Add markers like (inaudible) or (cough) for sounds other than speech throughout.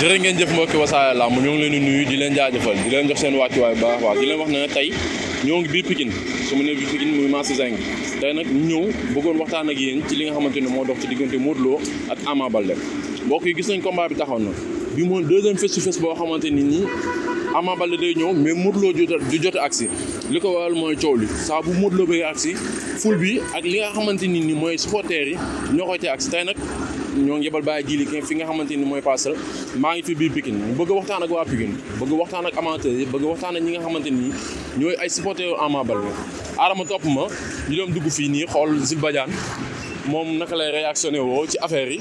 jëre ngeen jëf mbokki wasaare làmb ñoo ngi leen di nuyu di leen jaajëfal di leen jox seen wàccuwaay bu baax baax di leen wax ne tey ñoo ngi biir Pikine su ma nee biir Pikine muy marché Zinc tey nag ñëw bëggoon waxtaan ak yéen ci li nga xamante ne moo dox ci diggante Modou Lo ak Ama Baldé mbokk yi gis nañ combat bi taxaw na bi mooy deuxième face to face boo xamante ni nii Ama Baldé day ñëw mais Modou Lo du jot agsi li ko waral mooy coow li saa bu Modou Lo bëgg agsi ful bi ak li nga xamante ni ni mooy supporters yi ñoo koy tee ak si tey nag ñoo ngi yebal bàyyi fi nga xamante ni mooy Parcelles maa ngi fi biir Pikine bëgg waxtaan ak waa Pikine bëgg waxtaan ak amateurs yi bëgg waxtaan ak ñi nga xamante ni ñooy ay supporters Ama Baldé aarama topp ma ñu doon dugg fii nii xool Jules Badiane moom naka lay réactionné woo ci affaire yi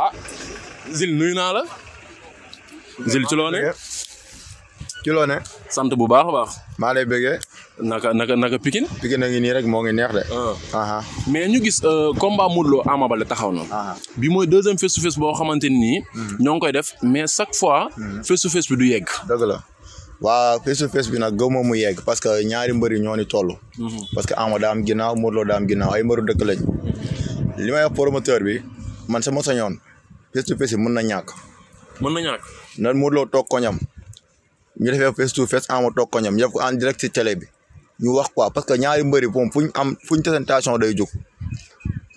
ah Jules nuyu naa la Jules ci loo ne ci sant bu baax baax maa lay bëggee naka naka naka Pikine. Pikine a ngi nii rek moo ngi neex de. Ah. mais ñu gis euh, comme Modou Lo Ama Baldé taxaw na. bi mooy deuxième face to boo xamante ni. Hmm. ñoo ngi koy def mais chaque fois. Hmm. face to bi du yegg. dëgg la waa face to bi nag gëmuma mu yegg parce que ñaari mbëri ñoo ni toll. Hmm. parce que Ama daa am ginnaaw Modou Lo daa ay mbëru dëkk lañ. li may wax promoteur bi man sama sañoon face to bi mën na ñàkk. mën na ñàkk. nan Modou Lo toog koñam ñu defee face to face Ama toog koñam yëpp ko en direct ci télé bi. ñu wax quoi parce que ñaari mbëri moom fu ñu am fu ñu présentation day jóg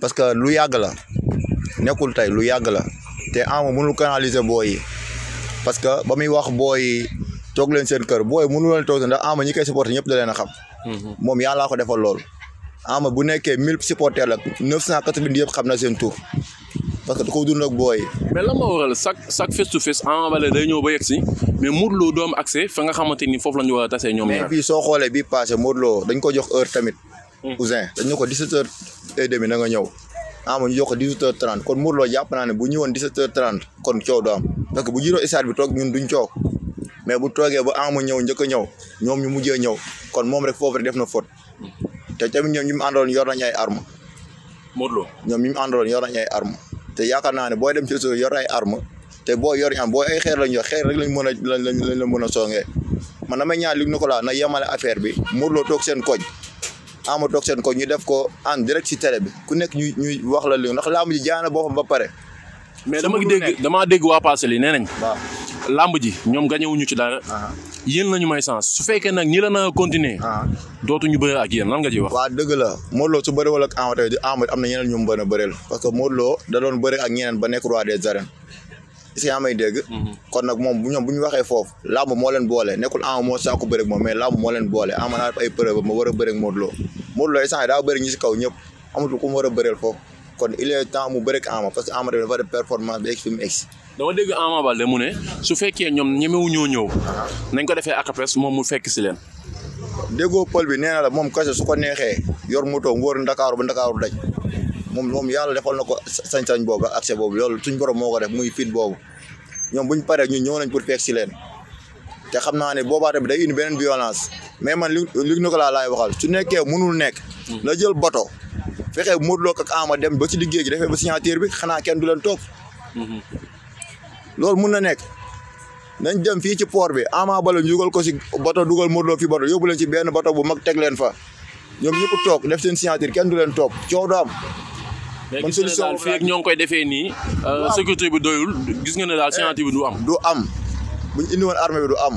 parce que lu yàgg la nekkul tey lu yàgg la te Ama mënul canaliser booy parce que ba muy wax booy yi toog leen seen kër booy mënul leen toog ndax Ama ñi koy supporter ñëpp da leen a xam. Mhm. moom yàllaa ko defal lool. Ama bu nekkee mille supporters la neuf cent quatre-vingt yëpp xam na seen tur. parce que da ko dund ak booy mais lan moo waral chaque chaque ñëw ba yegg si mais Modou Lo doom fa nga xamante ni foofu la ñu war a tasee ñoom ñaar mais bii soo xoolee bii passé Modou dañ ko jox heure tamit hmm. Ousin dañ ne ko 17 heures et demi na nga ñëw Ama ah, ñu jox ko 18 heures kon Modou Lo jàpp naa ne bu ñëwoon 17 heures 30 kon coow du am parce que bu jiroo isaat bi toog ñun duñ coow mais bu toogee ba Ama ñëw njëkk a ñëw ñoom ñu mujjee ñëw kon moom rek foofu rek def na faute te tamit ñoom ñu mu àndaloon yor nañ ay arme Modou Lo ñoom ñu mu àndaloon yor nañ ay arme te yaakaar naa ne boo dem ci suuf yor ay arme te boo yor am boo ay xeer lañ xeer rek lañ mën a lañ lañ la mën a songee man damay ñaan Luc Nicolaï na yemale affaire bi Modou loo toog seen koñ Ama toog seen koñ ñu def ko en direct ci télé bi ku nekk ñuy ñuy wax la li ndax làmb ji jaana boppam ba pare. mais dama dégg damaa dégg waa Parcelles yi nee nañ. waaw làmb ji ñoom gañewuñu ci dara. yéen la ñu may chance su fekkee nag ñi la na continuer. Ah. dootuñu bëre ak yéen lan nga ci wax. waaw dëgg la Modou su bëre wala ak Ama tey am na ñeneen ñu mu bëri bëreel parce que Modou Lo da doon bëre ak ñeneen ba nekk roi des arènes. si yaa may mhm. kon nag moom bu ñoom bu ñu waxee foofu làmb moo leen boole nekkul Ama moo sàkku bëre ak moom mais làmb moo leen boole Ama naa ay preuve ma war a bëre ak Modou Lo Lo instant yii daa bëri ñi si kaw ñëpp amatul ku mu war a bëreel foofu kon il est temps mu bëreeg Ama parce que Ama dafa def performance bi egg mu dégg Ama mu ne su fekkee ñoom ñemewu ñoo ñëw nañ ko defee akapes moom mu fekk si leen déggoo pël bi nee na la moom kase su ko neexee yor moto wóor ndakaaru ba ndakaaru daj moom moom yàlla defal na ko sañ-sañ boobu ak boobu loolu suñ borom moo ko def muy fit boobu ñoom buñ paree ñun ñëw nañ pour fekk si leen te xam naa ne boobaa tamit day indi beneen violence mais man li li ko laa laay waxal su nekkee mënul nekk la jël bato fexe Modou Lo ak Ama dem ba ci liggéey gi defee ba signature bi xanaa kenn du leen topp. Mhm. loolu mun na nekk. nañ dem fii ci port bi Ama Baldé jugal ko si bato dugal Modou fi bato yóbbu leen ci benn bato bu mag teg leen fa ñoom ñëpp toog def seen signature kenn du leen toog coow du am. man solution daal fi ak ñoo ngi koy defee nii. Euh, sécurité bi doyul gis nga ne daal eh, signature bi du am. du am bu ñu indi woon armée bi du am.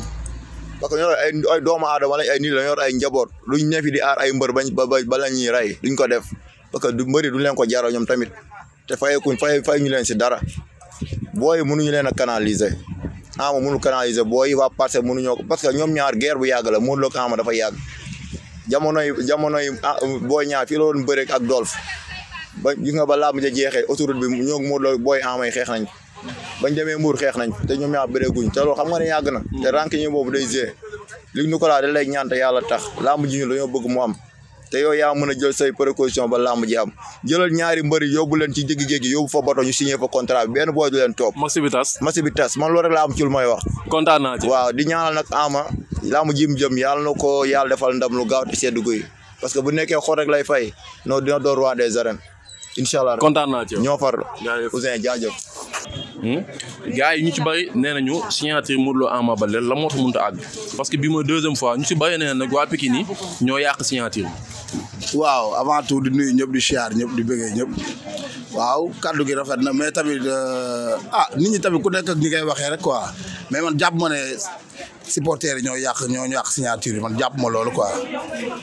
parce que ñoo ay ay doomu aadama lañ ay nit la ñoo ay njaboot luñ ne di aar ay mbër bañ ba ba lañuy rey duñ ko def. parce que du mbëri du leen ko jaral ñoom tamit te fayekuñ fay fay ñu leen si dara booy mënuñu leen a canaliser ama mënul canaliser booy waa parce mënuñoo ko parce que ñoom ñaar geer bu yàgg la Modou Lo ak Ama dafa yàgg jamonoy jamonoy ah, booy ñaar fii la woon bëre ak Dolph ba gis nga ba làmb ja jeexee autoroute bi ñoo Modou Lo booy Ama yi xeex nañ bañ demee Mbour xeex nañ te ñoom ñaar bëreeguñ te loolu xam nga ne yàgg na te rank ñi boobu day gée li ñu ko laa da lay ñaan te yàlla tax làmb ji ñu dañoo bëgg mu am te yow yaa mën a jël say précaution ba làmb ji am jëlal ñaari mbëri yóbbu leen ci jéggi-jéggi yóbbu fa bato ñu fa contrat bi benn booy du leen topp masi bi tas masi bi tas man am ci lu may wax kontaan naa waaw di ñaanal nag ama làmb ji mu jëm yàlla na ko yàlla defal ndam lu gaaw te seddu guy parce que bu nekkee xor rek lay fay non dina door roi des arènes incha allah kontaan naa ci ñoo far Ouzin jaajëf Hmm? gars yi ñu ci bëri nee nañu signature Modou Lo Ama Baldé la moo tax mënut a àgg parce que bi ma deuxième fois ñu si bëri nee nag waa Pikine yi ñoo yàq signature waaw avant tout di nuyu ñëpp di siyaar ñëpp di bëggee ñëpp. waaw kaddu gi rafet na mais tamit euh, ah nit ñi tamit ku nekk ak ñi koy waxee rek quoi mais man jàpp ma ne supporters yi ñoo yàq ñoo yàq signature yi man jàpp ma loolu quoi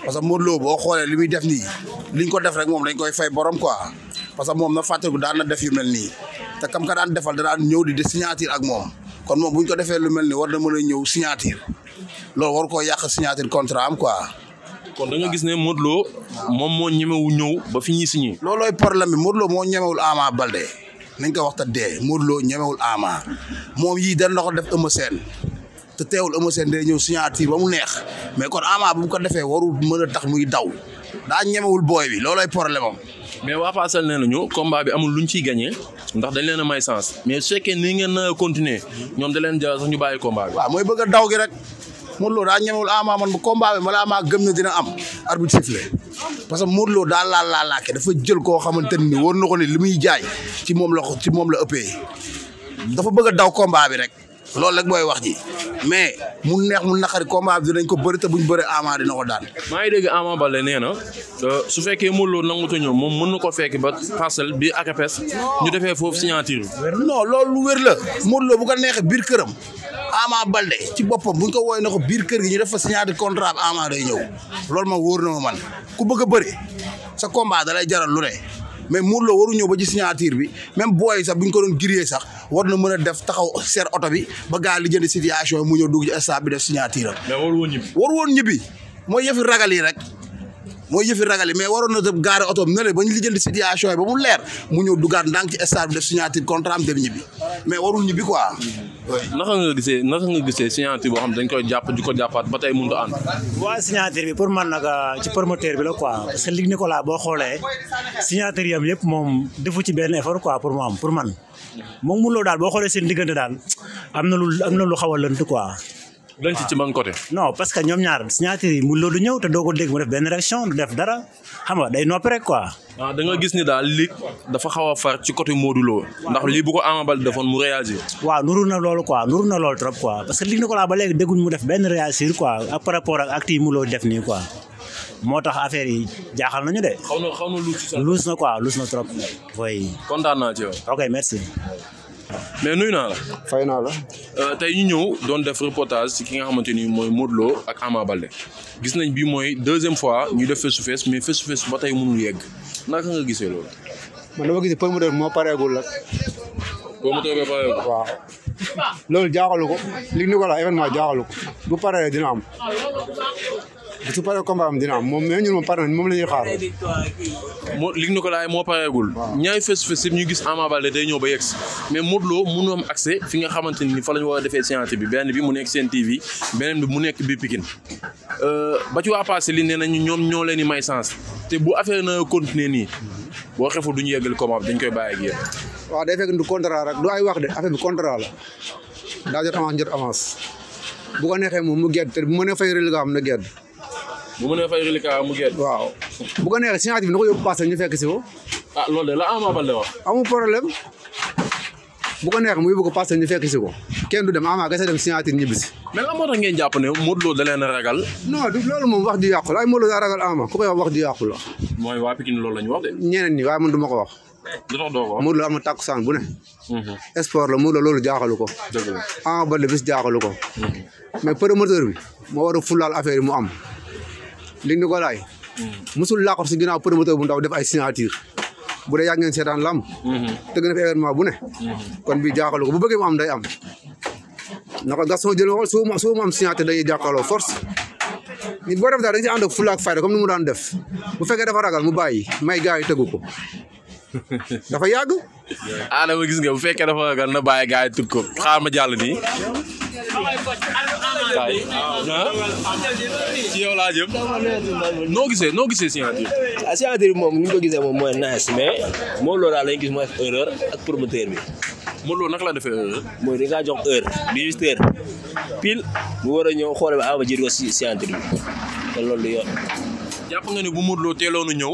parce que Modou Lo boo xoolee li muy def nii liñ ko def rek moom dañ koy fay borom quoi parce que moom na fàttaliku daan na def yu mel nii. te kam ka daan defal da ñëw di de signature ak moom kon moom bu ñu ko defee lu mel ni war na mën ñëw signature loolu war koo yàq signature contrat am quoi. kon da gis ne Modou Lo moom moo ñemewu ñëw ba fi ñuy signé. loolooy problème bi Modou Lo moo ñemewul Ama Balde nañ ko waxta dee Modou Lo ñemewul Ama moom yii dañ la def Eumeu Sène te teewul Eumeu Sène day ñëw signature ba mu neex mais kon Ama bu ko defee waru mën a tax muy daw. daa ñemewul booy bi loolooy problème am. mais waa Parcelles nee na nañu combat bi amul ñu ciy gagné ndax dañ leen a may sens mais su fekkee ni ngeen na continuer ñoom da leen jaral sax ñu bàyyi combat bi. waaw mooy bëgg a daw gi rek Modou Lo daa ñemewul ama man bu combat bi balaa maa gëm na dina am arbitre sifflé parce que Modou Lo daa laal dafa jël koo xamante ni war na ko ni li muy jaay ci moom la ko ci moom la ëppee dafa bëgg a daw kombaa bi rek. loolu rek booy wax ji mais mu neex mu naqari combat bi dinañ ko bëri te buñ bëri Ama dina ko daan. maa ngi dégg Ama Baldé nee na euh, su fekkee Modou Lo nangu te ñëw moom mën na ko fekk ba parcelle bi ak APS ñu defee foofu signature bi. non loolu lu wér la Modou bu ko neexee biir këram Ama Baldé ci boppam buñ ko woowee na ko biir kër gi ñu def fa signature contrat bi Ama ñëw loolu ma wóor na ma man ku bëgg a bëri sa combat da lay jaral lu ne mais Modou Lo waru ñëw ba ci signature bi même booy sax buñ ko doon giree sax. war na mën a def taxaw seer oto bi ba gaa li jënd situation mu ñëw dugg ci stade bi def signature mais war woon ñibbi. war woon ñibbi mooy yëfi ragal yi rek mooy yëfi ragal mais waroon na dem gaare oto bi ne la ba li jënd situation yi ba mu leer mu ñëw duggaat ndànk ci ñibbi mais warul ñibbi quoi. naka nga gisee naka nga gisee signature boo xam dañ koy jàpp di ko jàppaat ba tey mënut a ànd. waaw signature bi pour man nag euh, ci promoteur bi la quoi parce que Luc Nicolaï boo xoolee signature yam yëpp moom defu ci benn effort quoi pour mu pour man. moom Modou Lo daal boo xoolee seen diggante daal am na lu am na lu xaw a lënt quoi. waaw ci ban côté. non parce que ñoom ñaar signature yi Modou Lo ñëw te doo ko dégg mu def benn réaction du dara xam nga day noppi rek quoi. ah da daal li dafa xaw a far ci côté Modou Lo ndax lii bu ko Ama Baldé defoon mu réagir. waaw nuru na loolu quoi nuru na loolu trop quoi parce que li ko laal ba léegi dégguñ mu def benn réagir quoi ak par rapport ak acte yi Modou def nii quoi. moo tax affaire yi jaaxal nañu de. xaw na xaw na luus na luus na luus na trop. oui. kontaan naa ci ok merci. mais nuyu naa la. fay naa la. Euh, tey ñu ñëw doon def reportage ci ki nga xamante ni mooy Modou Lo ak Ama Baldé gis nañ bi mooy deuxième fois ñu def face to mais face to face ba tey mënul yegg naka nga gisee loolu. man dama gis promoteur bi moo pareegul la. promoteur bi pareegul. waaw loolu jaaxalu ko li ni ko la événement jaaxalu ko bu paree dina am. su paree combat am dina am moom mais moom pare nañ xaar. moo li ñu ko laaj moo pareegul. ñaari fës fës ñu gis Ama Baldé day ñëw ba yegg mais Modou Lo mënu am fi nga xamante ni fa la ñu war defee séance bi benn bi mu nekk seen TV beneen bi mu nekk bi Pikine euh, ba ci waa passé li nee nañu ñoom ñoo leen di may sens te bu affaire na continuer nii boo xefu duñu yeggal combat dañ koy bàyyi ak yéen. waaw day fekk du contrat rek du ay wax de affaire bi contrat la daa jot avance jot avance bu ko neexee moom mu gedd te bu ma nee fay rël nga am na gedd bu mënee fay waaw bu ko neexee signature bi na ko yóbbu passé ñu fekk ko. ah loolu la Ama Baldé wax. amul problème ko neexee mu yóbbu ko passé ñu fekk ko kenn du dem Ama kese dem si. mais lan moo tax ngeen jàpp ne Modou Lo da leen a ragal. non du loolu moom wax ju yàqu la ay Modou ragal Ama ku wax wax ju yàqu la. mooy waa Pikine la ñu ñeneen ñi waaye man du ma ko wax. du tax doo ko wax am na takkusaan bu ne. Mhm. sport la Modou loolu jaaxal ko. dëgg la Ama Baldé bis jaaxal ko. Mhm. a promoteur bi moo war a fulaal affaire yi mu am. Luc Nicolaï musul laaxoot si ginnaaw promoteur bu ndaw def ay signature bu dee yaa ngeen seetaan lam tëgg na fi événement bu ne kon bi jaaxalu ko bu bëggee mu am day am na naka soo jël waxoon su ma su ma am signature dañuy jàkkaarloo force nit boo def daal dañ si ànd fu fulla ak fayda comme ni mu daan def bu fekkee dafa ragal mu bàyyi may gars yi tëggu ko (laughs) dafa yàgg Adama gis nga bu fekkee dafa ragal na bàyyi gars yi ko xaar ma jàll nii ci yow noo gisee noo gisee signature bi. signature bi moom ni ñu ko gisee moom mooy nice mais Modou Lo daal lañu gis mooy erreur ak promoteur bi. Modou Lo naka la defee erreur. mooy dañ kaa jox heure dix-huit mu war a ñëw xoole ba ama jël ko si signature bi te loolu yoon. jàpp nga ne bu Modou Lo teeloon ñëw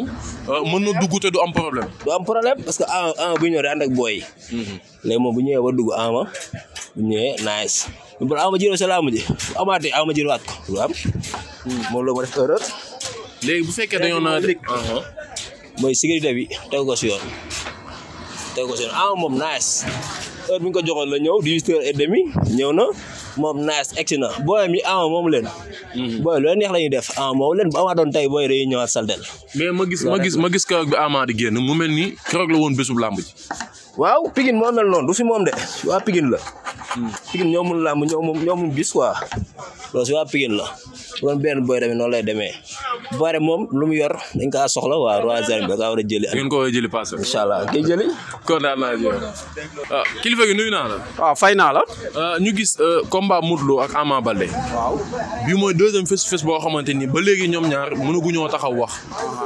mën na dugg te du am problème. du am problème parce que ama ama bu ñëwee day booy yi. moom bu ñëwee ba dugg ama bu ñëwee nice. man Ama Dia sa laamu ji amaatee Ama Dia waat ko waaw. léegi bu fekkee dañoo naan uh-huh. mooy sécurité bi teg ko si yoon teg ko si yoon ah, moom nice heure bi ñu ko joxoon la ñëw di huit heures ñëw na moom nice egsi na booy mi Ama ah, moom leen. Mm-hmm. booy lu leen neex la ñuy def Ama ah, moom leen bu Ama doon tey booy dañuy ñëwaat saldel mais ma gis ma gis ma gis keroog bi Ama di génn mu mel ni keroog la woon bésub làmb ji. waaw Pikine moo mel noonu du fi moom de waa Pikine la. Hmm. Pikine ñoo mun làmb ñoo mun ñoo mun bis quoi loolu si waa Pikine la bu doon benn boy tamit noonu lay demee. bu paree moom lu mu yor dañ kaa soxla waaw roi des arènes bi daa war a jëli. ngeen ko war a jëli paase. incha allah kii jëli. kontaan naa ji waaw ah, kilifa gi nuyu naa la. waaw ah, fay naa la. Ah, ñu gis euh, combat Modou Lo ak Ama bale bi bii mooy deuxième face face boo xamante ni ba léegi ñoom ñaar mënaguñoo taxaw wax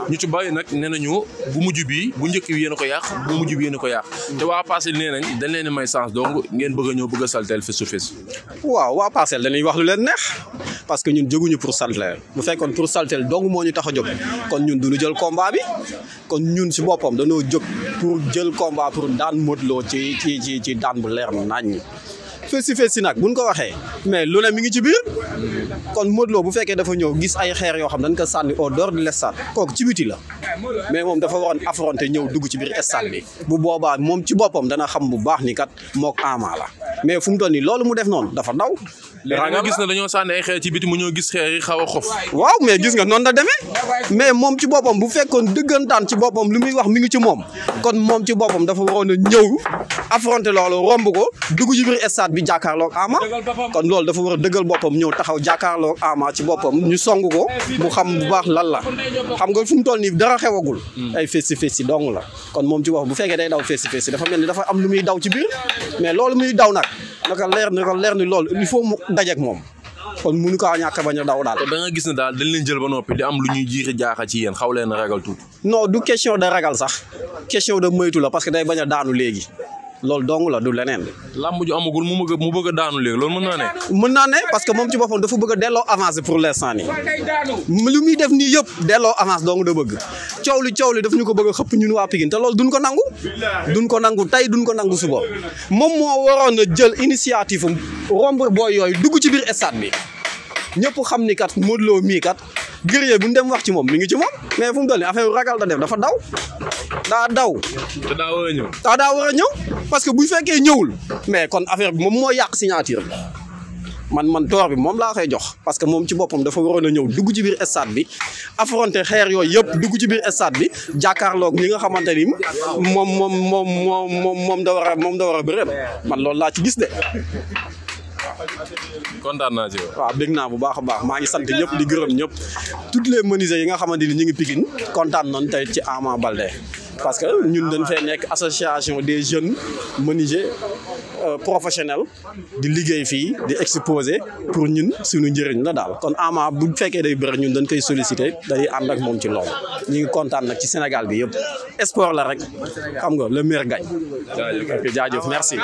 ñu ci bàyyi nag nee nañu bu mujj bi bu njëkk bi yéen ko yàq bu mujj bi yéen ko yàq te waa Parcelles nee nañ leen may chance donc ngeen bëgg a ñëw bëgg a saltel face parce que ñun jóguñu pour saltel bu fekkoon pour saltel dong moo ñu tax a jóg kon ñun du ñu jël combat kon ñun si boppam dañoo jóg pour jël combat pour daan Modou Lo ci ci ci ci daan bu leer naññ. fessi fessi nag buñ ko waxee mais lu ne mi ngi ci biir. kon Modou Lo bu fekkee dafa ñëw gis ay xeer yoo xam dañ ko sànni au dehors de l'estade ci biti la mais moom dafa waroon affronter ñëw dugg ci biir stade bi bu boobaa xam bu baax ni kat mook Ama la mais fu mu toll nii loolu mu def noonu dafa daw. léegi nga gis ne dañoo sànni ay xeer ci biti mu ñëw gis xeer yi xaw a xof. waaw mais mais moom ci boppam bu fekkoon dëggantaan ci boppam lu muy wax mi ngi ci moom kon moom ci boppam dafa waroon a ñëw affronter loolu romb ko dugg ci bi jàkkaarloog Ama kon loolu dafa war a dëggal boppam ñëw taxaw jàkkaarloo jàkkaarloo Ama ci boppam ñu song ko mu xam bu baax lan la xam nga fu mu toll nii dara xewagul. Hmm. ay face to face la kon moom ci boppam bu fekkee day daw face to face dafa mel ni dafa am lu muy daw ci biir mais muy daw nag naka leer naka leer ni loolu mu dajeek moom. kon munu kaa ñàkk bañ a daw daal. da nga ne daal dañ ba noppi di am lu ñuy jiixi jaaxa ci yéen xaw a ragal tuuti. non du question de ragal sax question de moytu la parce day bañ a daanu léegi loolu dong la du leneen. làmb ju amagul mu bëgg mu bëgg a daanu léegi mën naa ne. mën naa ne parce que moom ci boppam dafa bëgg a delloo avance pour l'instant nii lu muy def nii yëpp delloo avance dong da bëgg coow li coow li daf ñu ko bëgg a xëpp ñun waa Pikine te loolu duñ ko nangu. duñ ko nangu tey duñ ko nangu suba moom moo waroon a jël initiative am romb booy yooyu dugg ci biir stade bi ñëpp xam nikat kat Modou mii kat. Guerrier bu ñu dem wax ci moom mi ngi ci moom mais fu mu toll nii affaire ragal da def dafa daw daa daw. te daa war a ñëw. daa daa war a ñëw parce que buy fekkee ñëwul mais kon affaire bi moom moo yàq signature bi man man door bi moom laa koy jox parce que moom ci boppam dafa waroon a ñëw dugg ci biir stade bi affronter xeer yooyu yëpp dugg ci biir stade bi jàkkaarloog li nga xamante ni moom moom moom moom moom da war a moom da war a bëre man loolu laa ci gis de. kontaan naa ci waaw bég naa bu baax a baax maa ngi sant ñëpp di gërëm ñëpp toutes les menuisiers yi nga xamante ni ñu ngi Pikine kontaan noonu tey ci Ama Baldé parce que ñun dañ fee nekk association des jeunes menuisiers euh, professionnels di liggéey fii di exposer pour ñun suñu njëriñ la daal kon Ama bu fekkee day bëri ñun dañ koy solliciter dañuy ànd ak moom ci loolu ñu ngi kontaan nag ci Sénégal bi yëpp sport la rek xam nga le maire gagne jaajëf merci